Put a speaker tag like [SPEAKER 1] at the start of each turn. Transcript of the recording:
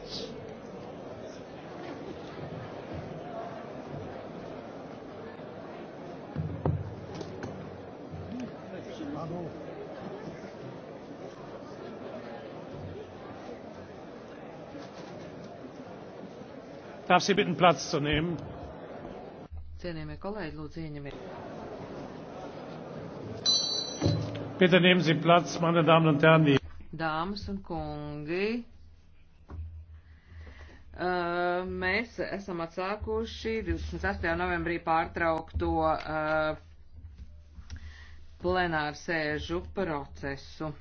[SPEAKER 1] minutes.
[SPEAKER 2] Darf Sie bitten, Platz zu nehmen?
[SPEAKER 3] Cienījamie kolēģi, lūdzu, ieņemiet.
[SPEAKER 4] Bitte nehmen Sie Platz, meine Damen und Herren.
[SPEAKER 5] Dāmas un kungi, Uh, mēs esam atsākuši 28. novembrī pārtraukto uh, plenārsēžu
[SPEAKER 6] procesu.